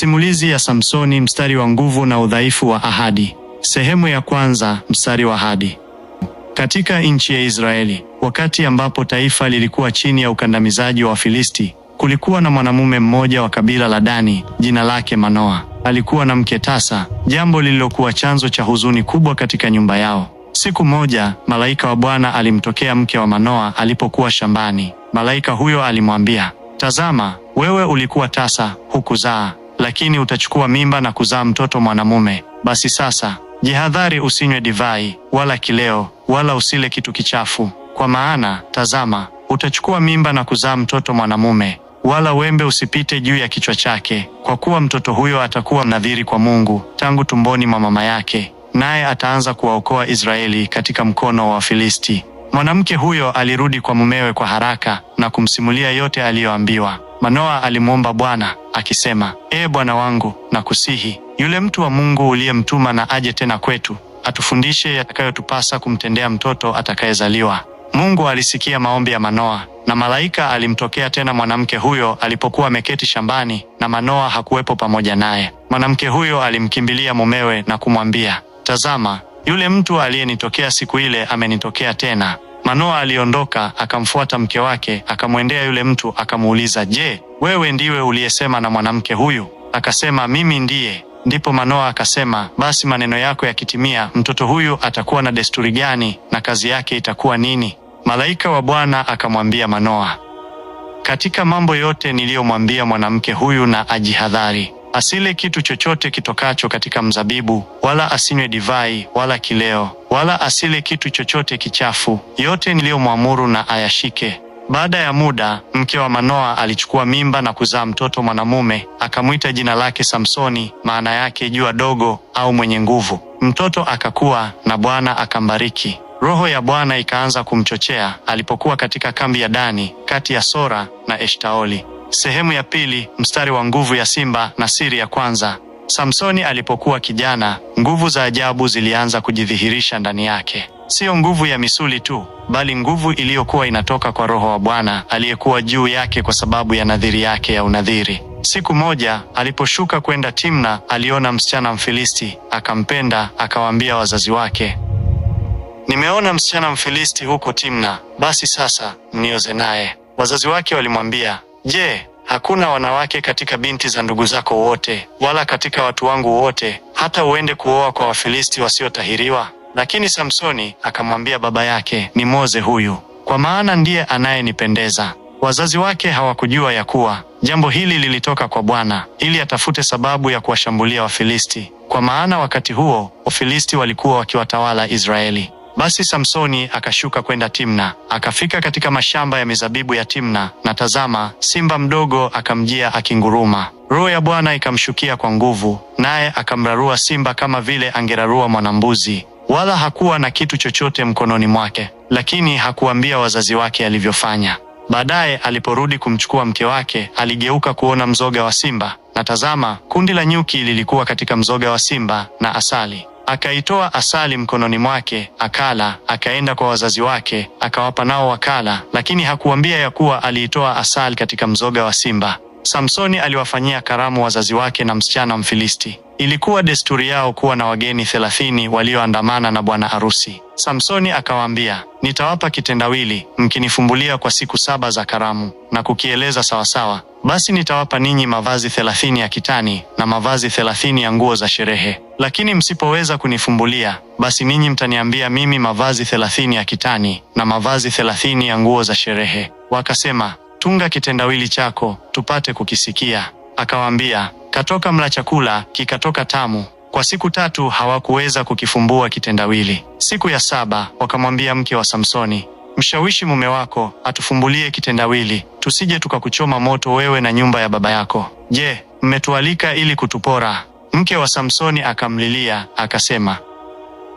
Simulizi ya Samsoni, mstari wa nguvu na udhaifu wa ahadi. Sehemu ya kwanza, mstari wa ahadi. Katika nchi ya Israeli, wakati ambapo taifa lilikuwa chini ya ukandamizaji wa Wafilisti, kulikuwa na mwanamume mmoja wa kabila la Dani, jina lake Manoa. Alikuwa na mke tasa, jambo lililokuwa chanzo cha huzuni kubwa katika nyumba yao. Siku moja, malaika wa Bwana alimtokea mke wa Manoa alipokuwa shambani. Malaika huyo alimwambia, Tazama, wewe ulikuwa tasa, hukuzaa lakini utachukua mimba na kuzaa mtoto mwanamume. Basi sasa jihadhari, usinywe divai wala kileo wala usile kitu kichafu, kwa maana tazama, utachukua mimba na kuzaa mtoto mwanamume, wala wembe usipite juu ya kichwa chake, kwa kuwa mtoto huyo atakuwa mnadhiri kwa Mungu tangu tumboni mwa mama yake, naye ataanza kuwaokoa Israeli katika mkono wa Wafilisti. Mwanamke huyo alirudi kwa mumewe kwa haraka na kumsimulia yote aliyoambiwa. Manoa alimwomba Bwana akisema, Ee Bwana wangu, nakusihi yule mtu wa Mungu uliyemtuma na aje tena kwetu, atufundishe yatakayotupasa kumtendea mtoto atakayezaliwa. Mungu alisikia maombi ya Manoa, na malaika alimtokea tena mwanamke huyo alipokuwa ameketi shambani, na Manoa hakuwepo pamoja naye. Mwanamke huyo alimkimbilia mumewe na kumwambia, Tazama, yule mtu aliyenitokea siku ile amenitokea tena Manoa aliondoka akamfuata mke wake, akamwendea yule mtu akamuuliza, je, wewe ndiwe uliyesema na mwanamke huyu? Akasema, mimi ndiye. Ndipo Manoa akasema, basi maneno yako yakitimia, mtoto huyu atakuwa na desturi gani na kazi yake itakuwa nini? Malaika wa Bwana akamwambia Manoa, katika mambo yote niliyomwambia mwanamke huyu na ajihadhari asile kitu chochote kitokacho katika mzabibu, wala asinywe divai wala kileo, wala asile kitu chochote kichafu. Yote niliyomwamuru na ayashike. Baada ya muda, mke wa Manoa alichukua mimba na kuzaa mtoto mwanamume, akamwita jina lake Samsoni, maana yake jua dogo au mwenye nguvu. Mtoto akakua na Bwana akambariki. Roho ya Bwana ikaanza kumchochea alipokuwa katika kambi ya Dani, kati ya Sora na Eshtaoli. Sehemu ya pili, mstari wa nguvu ya simba na siri ya kwanza. Samsoni alipokuwa kijana, nguvu za ajabu zilianza kujidhihirisha ndani yake. Siyo nguvu ya misuli tu, bali nguvu iliyokuwa inatoka kwa Roho wa Bwana aliyekuwa juu yake kwa sababu ya nadhiri yake ya unadhiri. Siku moja aliposhuka kwenda Timna, aliona msichana Mfilisti, akampenda, akawaambia wazazi wake, nimeona msichana Mfilisti huko Timna, basi sasa mnioze naye. Wazazi wake walimwambia Je, hakuna wanawake katika binti za ndugu zako wote, wala katika watu wangu wote, hata uende kuoa kwa Wafilisti wasiotahiriwa? Lakini Samsoni akamwambia baba yake, ni moze huyu, kwa maana ndiye anayenipendeza. Wazazi wake hawakujua ya kuwa jambo hili lilitoka kwa Bwana ili atafute sababu ya kuwashambulia Wafilisti, kwa maana wakati huo Wafilisti walikuwa wakiwatawala Israeli. Basi Samsoni akashuka kwenda Timna, akafika katika mashamba ya mizabibu ya Timna, na tazama, simba mdogo akamjia akinguruma. Roho ya Bwana ikamshukia kwa nguvu, naye akamrarua simba kama vile angerarua mwanambuzi, wala hakuwa na kitu chochote mkononi mwake. Lakini hakuambia wazazi wake alivyofanya. Baadaye aliporudi kumchukua mke wake, aligeuka kuona mzoga wa simba, na tazama, kundi la nyuki lilikuwa katika mzoga wa simba na asali. Akaitoa asali mkononi mwake akala, akaenda kwa wazazi wake akawapa nao wakala, lakini hakuambia ya kuwa aliitoa asali katika mzoga wa simba. Samsoni aliwafanyia karamu wazazi wake na msichana Mfilisti. Ilikuwa desturi yao kuwa na wageni thelathini walioandamana na bwana harusi. Samsoni akawaambia, nitawapa kitendawili mkinifumbulia kwa siku saba za karamu na kukieleza sawasawa, basi nitawapa ninyi mavazi thelathini ya kitani na mavazi thelathini ya nguo za sherehe. Lakini msipoweza kunifumbulia, basi ninyi mtaniambia mimi mavazi thelathini ya kitani na mavazi thelathini ya nguo za sherehe. Wakasema, tunga kitendawili chako tupate kukisikia. Akawaambia, katoka mla chakula kikatoka tamu. Kwa siku tatu hawakuweza kukifumbua kitendawili. Siku ya saba wakamwambia mke wa Samsoni, mshawishi mume wako atufumbulie kitendawili, tusije tukakuchoma moto wewe na nyumba ya baba yako. Je, mmetualika ili kutupora? Mke wa Samsoni akamlilia akasema,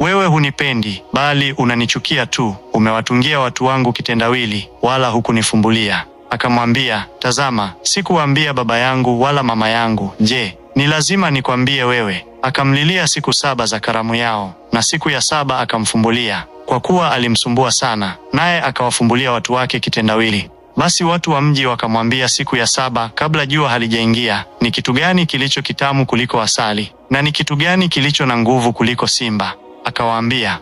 wewe hunipendi bali unanichukia tu. Umewatungia watu wangu kitendawili, wala hukunifumbulia akamwambia, tazama, sikuwaambia baba yangu wala mama yangu. Je, ni lazima nikwambie wewe? Akamlilia siku saba za karamu yao, na siku ya saba akamfumbulia, kwa kuwa alimsumbua sana, naye akawafumbulia watu wake kitendawili. Basi watu wa mji wakamwambia siku ya saba, kabla jua halijaingia, ni kitu gani kilicho kitamu kuliko asali, na ni kitu gani kilicho na nguvu kuliko simba? Akawaambia,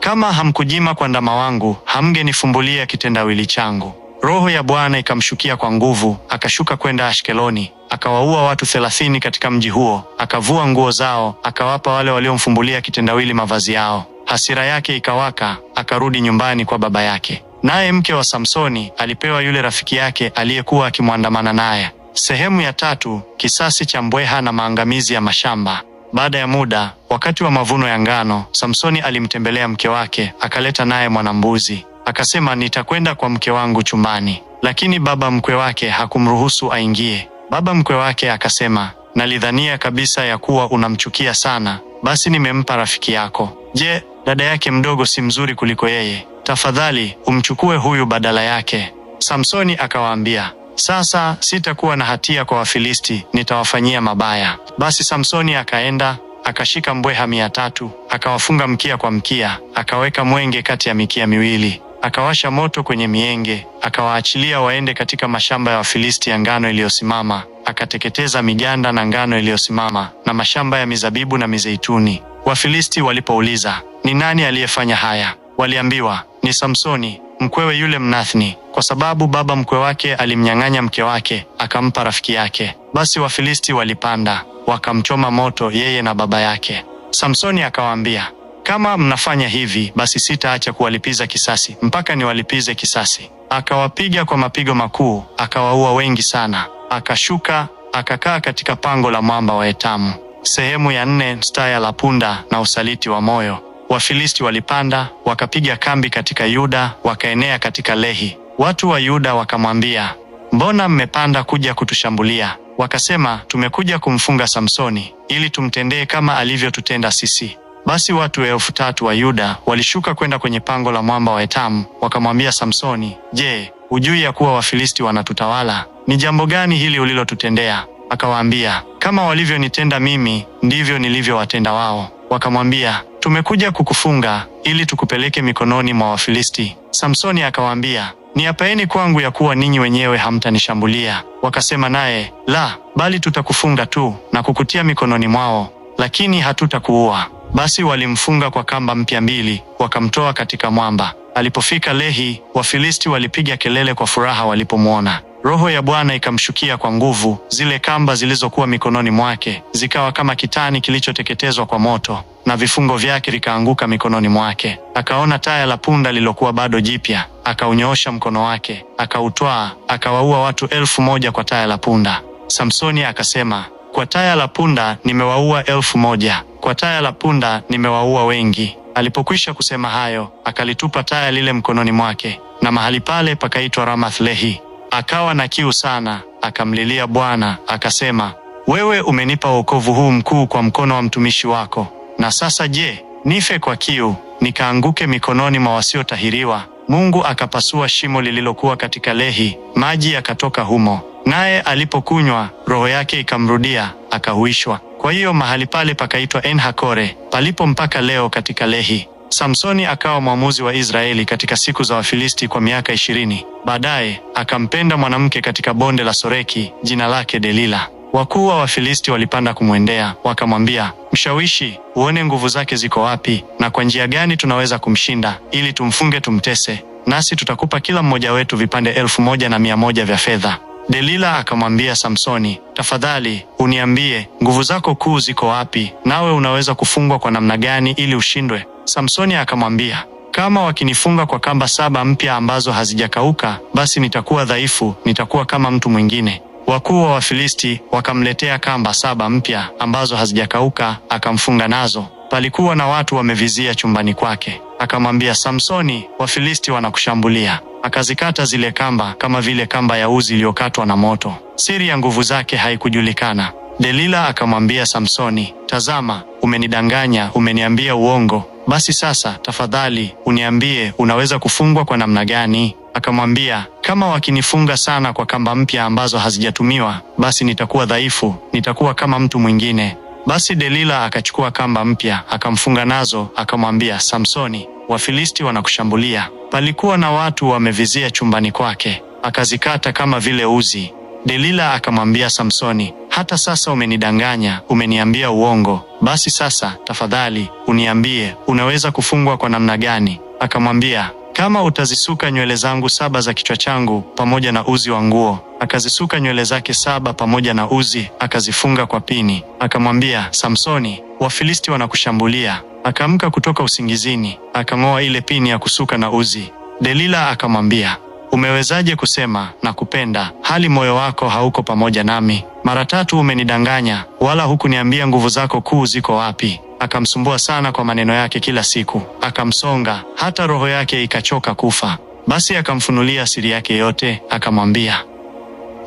kama hamkujima kwa ndama wangu, hamgenifumbulia kitendawili changu. Roho ya Bwana ikamshukia kwa nguvu, akashuka kwenda Ashkeloni, akawaua watu thelathini katika mji huo, akavua nguo zao, akawapa wale waliomfumbulia kitendawili mavazi yao. Hasira yake ikawaka, akarudi nyumbani kwa baba yake. Naye mke wa Samsoni alipewa yule rafiki yake aliyekuwa akimwandamana naye. Sehemu ya tatu: kisasi cha mbweha na maangamizi ya mashamba. Baada ya muda, wakati wa mavuno ya ngano, Samsoni alimtembelea mke wake, akaleta naye mwanambuzi akasema nitakwenda kwa mke wangu chumbani, lakini baba mkwe wake hakumruhusu aingie. Baba mkwe wake akasema, nalidhania kabisa ya kuwa unamchukia sana, basi nimempa rafiki yako. Je, dada yake mdogo si mzuri kuliko yeye? Tafadhali umchukue huyu badala yake. Samsoni akawaambia, sasa sitakuwa na hatia kwa Wafilisti, nitawafanyia mabaya. Basi Samsoni akaenda akashika mbweha mia tatu akawafunga mkia kwa mkia, akaweka mwenge kati ya mikia miwili akawasha moto kwenye mienge, akawaachilia waende katika mashamba ya Wafilisti ya ngano iliyosimama, akateketeza miganda na ngano iliyosimama na mashamba ya mizabibu na mizeituni. Wafilisti walipouliza ni nani aliyefanya haya, waliambiwa ni Samsoni mkwewe yule Mnathni, kwa sababu baba mkwe wake alimnyang'anya mke wake akampa rafiki yake. Basi Wafilisti walipanda wakamchoma moto yeye na baba yake. Samsoni akawaambia kama mnafanya hivi, basi sitaacha kuwalipiza kisasi mpaka niwalipize kisasi. Akawapiga kwa mapigo makuu, akawaua wengi sana. Akashuka akakaa katika pango la mwamba wa Etamu. Sehemu ya nne, staya la punda na usaliti wa moyo. Wafilisti walipanda wakapiga kambi katika Yuda, wakaenea katika Lehi. Watu wa Yuda wakamwambia, mbona mmepanda kuja kutushambulia? Wakasema, tumekuja kumfunga Samsoni ili tumtendee kama alivyotutenda sisi. Basi watu elfu tatu wa Yuda walishuka kwenda kwenye pango la mwamba wa Etamu, wakamwambia Samsoni, je, hujui ya kuwa Wafilisti wanatutawala? Ni jambo gani hili ulilotutendea? Akawaambia, kama walivyonitenda mimi, ndivyo nilivyowatenda wao. Wakamwambia, tumekuja kukufunga ili tukupeleke mikononi mwa Wafilisti. Samsoni akawaambia, niapaeni kwangu ya kuwa ninyi wenyewe hamtanishambulia. Wakasema naye, la, bali tutakufunga tu na kukutia mikononi mwao, lakini hatutakuua. Basi walimfunga kwa kamba mpya mbili, wakamtoa katika mwamba. Alipofika Lehi, Wafilisti walipiga kelele kwa furaha walipomwona. Roho ya Bwana ikamshukia kwa nguvu, zile kamba zilizokuwa mikononi mwake zikawa kama kitani kilichoteketezwa kwa moto, na vifungo vyake vikaanguka mikononi mwake. Akaona taya la punda lilokuwa bado jipya, akaunyoosha mkono wake, akautwaa, akawaua watu elfu moja kwa taya la punda. Samsoni akasema kwa taya la punda nimewaua elfu moja. Kwa taya la punda nimewaua wengi. Alipokwisha kusema hayo, akalitupa taya lile mkononi mwake, na mahali pale pakaitwa ramath lehi Akawa na kiu sana, akamlilia Bwana akasema, wewe umenipa wokovu huu mkuu kwa mkono wa mtumishi wako, na sasa je, nife kwa kiu nikaanguke mikononi mwa wasiotahiriwa? Mungu akapasua shimo lililokuwa katika lehi, maji yakatoka humo naye alipokunywa roho yake ikamrudia akahuishwa. Kwa hiyo mahali pale pakaitwa enhakore palipo mpaka leo katika Lehi. Samsoni akawa mwamuzi wa Israeli katika siku za Wafilisti kwa miaka ishirini. Baadaye akampenda mwanamke katika bonde la Soreki, jina lake Delila. Wakuu wa Wafilisti walipanda kumwendea wakamwambia, mshawishi, uone nguvu zake ziko wapi na kwa njia gani tunaweza kumshinda ili tumfunge tumtese, nasi tutakupa kila mmoja wetu vipande elfu moja na mia moja vya fedha. Delila akamwambia Samsoni, tafadhali uniambie nguvu zako kuu ziko wapi, nawe unaweza kufungwa kwa namna gani ili ushindwe? Samsoni akamwambia, kama wakinifunga kwa kamba saba mpya ambazo hazijakauka, basi nitakuwa dhaifu, nitakuwa kama mtu mwingine. Wakuu wa Wafilisti wakamletea kamba saba mpya ambazo hazijakauka, akamfunga nazo. Palikuwa na watu wamevizia chumbani kwake. Akamwambia Samsoni, Wafilisti wanakushambulia akazikata zile kamba kama vile kamba ya uzi iliyokatwa na moto. Siri ya nguvu zake haikujulikana. Delila akamwambia Samsoni, tazama, umenidanganya, umeniambia uongo. Basi sasa tafadhali uniambie unaweza kufungwa kwa namna gani? Akamwambia, kama wakinifunga sana kwa kamba mpya ambazo hazijatumiwa, basi nitakuwa dhaifu, nitakuwa kama mtu mwingine. Basi Delila akachukua kamba mpya akamfunga nazo, akamwambia Samsoni, Wafilisti wanakushambulia. Palikuwa na watu wamevizia chumbani kwake, akazikata kama vile uzi. Delila akamwambia Samsoni, hata sasa umenidanganya, umeniambia uongo. Basi sasa tafadhali uniambie, unaweza kufungwa kwa namna gani? Akamwambia, kama utazisuka nywele zangu saba za kichwa changu pamoja na uzi wa nguo. Akazisuka nywele zake saba pamoja na uzi, akazifunga kwa pini. Akamwambia Samsoni, Wafilisti wanakushambulia. Akaamka kutoka usingizini, akang'oa ile pini ya kusuka na uzi. Delila akamwambia, umewezaje kusema na kupenda hali moyo wako hauko pamoja nami? Mara tatu umenidanganya, wala hukuniambia nguvu zako kuu ziko wapi. Akamsumbua sana kwa maneno yake kila siku, akamsonga hata roho yake ikachoka kufa. Basi akamfunulia siri yake yote, akamwambia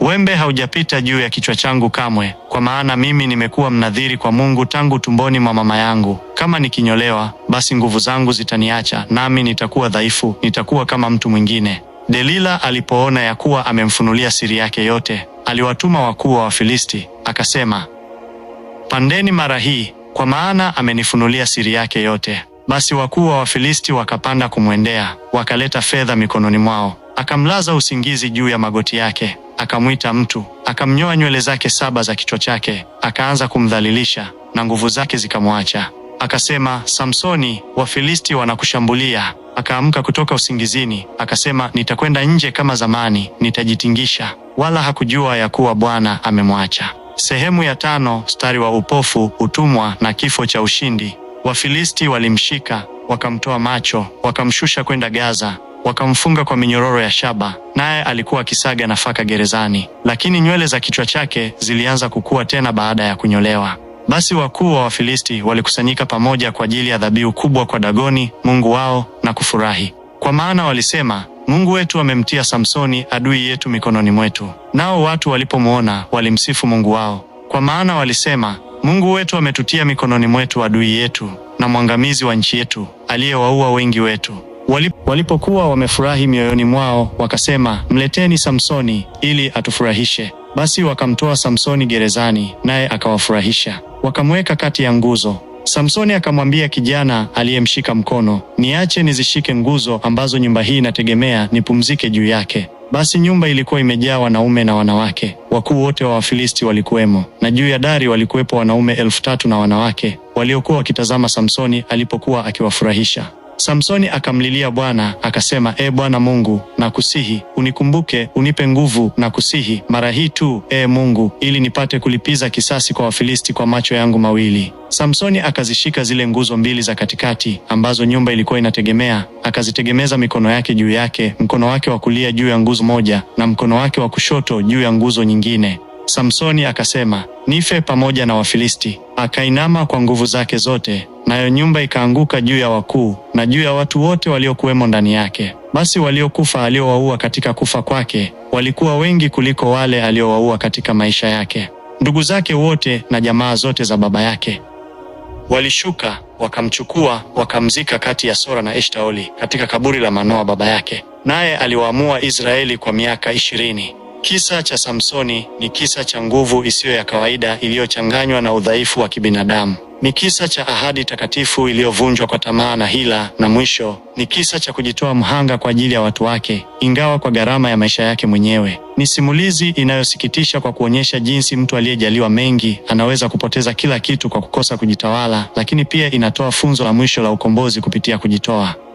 Wembe haujapita juu ya kichwa changu kamwe, kwa maana mimi nimekuwa mnadhiri kwa Mungu tangu tumboni mwa mama yangu. Kama nikinyolewa, basi nguvu zangu zitaniacha, nami nitakuwa dhaifu, nitakuwa kama mtu mwingine. Delila alipoona ya kuwa amemfunulia siri yake yote, aliwatuma wakuu wa Wafilisti akasema, pandeni mara hii, kwa maana amenifunulia siri yake yote. Basi wakuu wa Wafilisti wakapanda kumwendea, wakaleta fedha mikononi mwao. Akamlaza usingizi juu ya magoti yake, akamwita mtu, akamnyoa nywele zake saba za kichwa chake, akaanza kumdhalilisha na nguvu zake zikamwacha. Akasema, Samsoni, Wafilisti wanakushambulia. Akaamka kutoka usingizini, akasema, nitakwenda nje kama zamani, nitajitingisha. Wala hakujua ya kuwa Bwana amemwacha. Sehemu ya tano, stari wa upofu, utumwa na kifo cha ushindi. Wafilisti walimshika, wakamtoa macho, wakamshusha kwenda Gaza, wakamfunga kwa minyororo ya shaba, naye alikuwa akisaga nafaka gerezani, lakini nywele za kichwa chake zilianza kukua tena baada ya kunyolewa. Basi wakuu wa Wafilisti walikusanyika pamoja kwa ajili ya dhabihu kubwa kwa Dagoni mungu wao na kufurahi, kwa maana walisema, Mungu wetu amemtia Samsoni adui yetu mikononi mwetu. Nao watu walipomwona walimsifu mungu wao, kwa maana walisema Mungu wetu ametutia mikononi mwetu adui yetu na mwangamizi wa nchi yetu aliyewaua wengi wetu. Walipokuwa wamefurahi mioyoni mwao, wakasema, mleteni Samsoni ili atufurahishe. Basi wakamtoa Samsoni gerezani, naye akawafurahisha. Wakamweka kati ya nguzo Samsoni akamwambia kijana aliyemshika mkono, niache nizishike nguzo ambazo nyumba hii inategemea, nipumzike juu yake. Basi nyumba ilikuwa imejaa wanaume na wanawake, wakuu wote wa Wafilisti walikuwemo, na juu ya dari walikuwepo wanaume elfu tatu na wanawake waliokuwa wakitazama Samsoni alipokuwa akiwafurahisha. Samsoni akamlilia Bwana akasema, E Bwana Mungu, nakusihi unikumbuke, unipe nguvu, nakusihi mara hii tu, e Mungu, ili nipate kulipiza kisasi kwa Wafilisti kwa macho yangu mawili. Samsoni akazishika zile nguzo mbili za katikati ambazo nyumba ilikuwa inategemea, akazitegemeza mikono yake juu yake, mkono wake wa kulia juu ya nguzo moja na mkono wake wa kushoto juu ya nguzo nyingine. Samsoni akasema, nife pamoja na Wafilisti. Akainama kwa nguvu zake zote nayo nyumba ikaanguka juu ya wakuu na juu ya watu wote waliokuwemo ndani yake. Basi waliokufa aliowaua katika kufa kwake walikuwa wengi kuliko wale aliowaua katika maisha yake. Ndugu zake wote na jamaa zote za baba yake walishuka wakamchukua wakamzika kati ya Sora na Eshtaoli katika kaburi la Manoa baba yake, naye aliwaamua Israeli kwa miaka ishirini. Kisa cha Samsoni ni kisa cha nguvu isiyo ya kawaida iliyochanganywa na udhaifu wa kibinadamu. Ni kisa cha ahadi takatifu iliyovunjwa kwa tamaa na hila, na mwisho ni kisa cha kujitoa mhanga kwa ajili ya watu wake, ingawa kwa gharama ya maisha yake mwenyewe. Ni simulizi inayosikitisha kwa kuonyesha jinsi mtu aliyejaliwa mengi anaweza kupoteza kila kitu kwa kukosa kujitawala, lakini pia inatoa funzo la mwisho la ukombozi kupitia kujitoa.